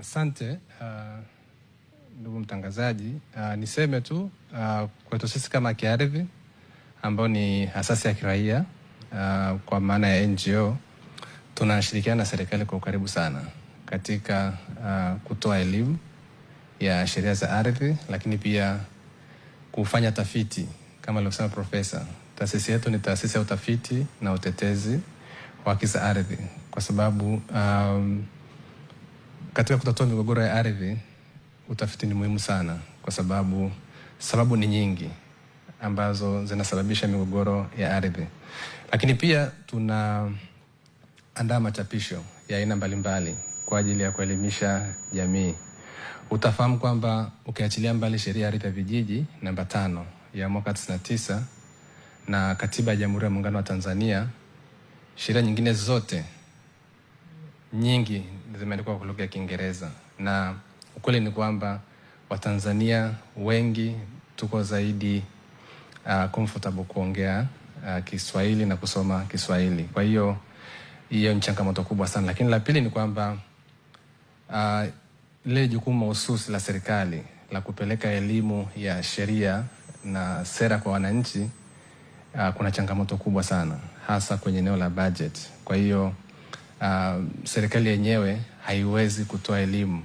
Asante uh, uh, ndugu mtangazaji uh, niseme tu uh, kwetu sisi kama kiardhi ambao ni asasi ya kiraia uh, kwa maana ya NGO tunashirikiana na serikali kwa ukaribu sana katika uh, kutoa elimu ya sheria za ardhi, lakini pia kufanya tafiti kama alivyosema profesa. Taasisi yetu ni taasisi ya utafiti na utetezi wa haki za ardhi kwa sababu um, katika kutatua migogoro ya ardhi, utafiti ni muhimu sana, kwa sababu sababu ni nyingi ambazo zinasababisha migogoro ya ardhi, lakini pia tuna andaa machapisho ya aina mbalimbali kwa ajili ya kuelimisha jamii. Utafahamu kwamba ukiachilia mbali sheria ya ardhi ya vijiji namba tano ya mwaka tisa na katiba ya Jamhuri ya Muungano wa Tanzania, sheria nyingine zote nyingi zimeandikwa kwa lugha ya Kiingereza, na ukweli ni kwamba Watanzania wengi tuko zaidi uh, comfortable kuongea uh, Kiswahili na kusoma Kiswahili. Kwa hiyo hiyo ni changamoto kubwa sana, lakini la pili ni kwamba uh, lile jukumu mahususi la serikali la kupeleka elimu ya sheria na sera kwa wananchi uh, kuna changamoto kubwa sana hasa kwenye eneo la budget. Kwa hiyo uh, serikali yenyewe haiwezi kutoa elimu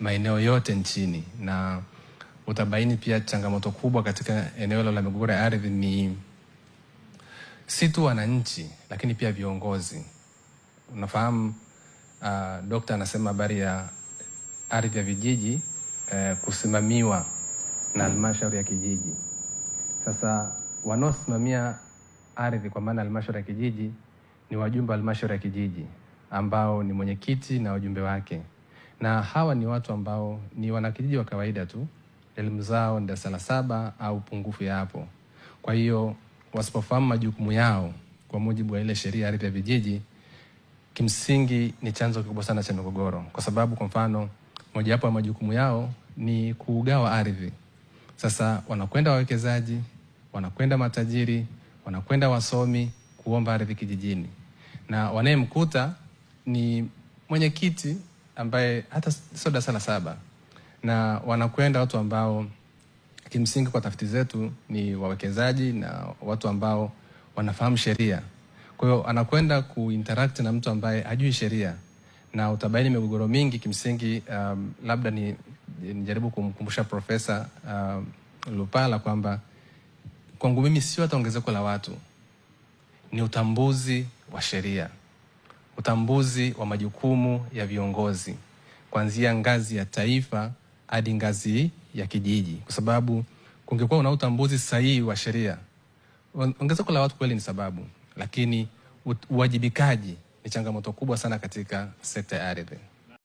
maeneo yote nchini, na utabaini pia changamoto kubwa katika eneo la migogoro ya ardhi ni si tu wananchi, lakini pia viongozi. Unafahamu uh, dokta anasema habari ya ardhi ya vijiji eh, kusimamiwa na halmashauri ya kijiji. Sasa wanaosimamia ardhi kwa maana halmashauri ya kijiji ni wajumbe wa halmashauri ya kijiji ambao ni mwenyekiti na wajumbe wake, na hawa ni watu ambao ni wanakijiji wa kawaida tu, elimu zao ni darasa la saba au pungufu ya hapo. Kwa hiyo wasipofahamu majukumu yao kwa mujibu wa ile sheria ya vijiji, kimsingi ni chanzo kikubwa sana cha migogoro, kwa sababu kwa mfano mojawapo ya majukumu yao ni kuugawa ardhi. Sasa wanakwenda wawekezaji, wanakwenda matajiri, wanakwenda wasomi kuomba ardhi kijijini na wanayemkuta ni mwenyekiti ambaye hata sio darasa la saba, na wanakwenda watu ambao kimsingi kwa tafiti zetu ni wawekezaji na watu ambao wanafahamu sheria. Kwa hiyo anakwenda kuinteract na mtu ambaye hajui sheria na utabaini migogoro mingi kimsingi. Um, labda ni nijaribu kumkumbusha Profesa um, Lupala kwamba kwangu mimi sio hata ongezeko la watu ni utambuzi wa sheria, utambuzi wa majukumu ya viongozi kuanzia ngazi ya taifa hadi ngazi ya kijiji, kwa sababu kungekuwa una utambuzi sahihi wa sheria, ongezeko la watu kweli ni sababu, lakini uwajibikaji ni changamoto kubwa sana katika sekta ya ardhi.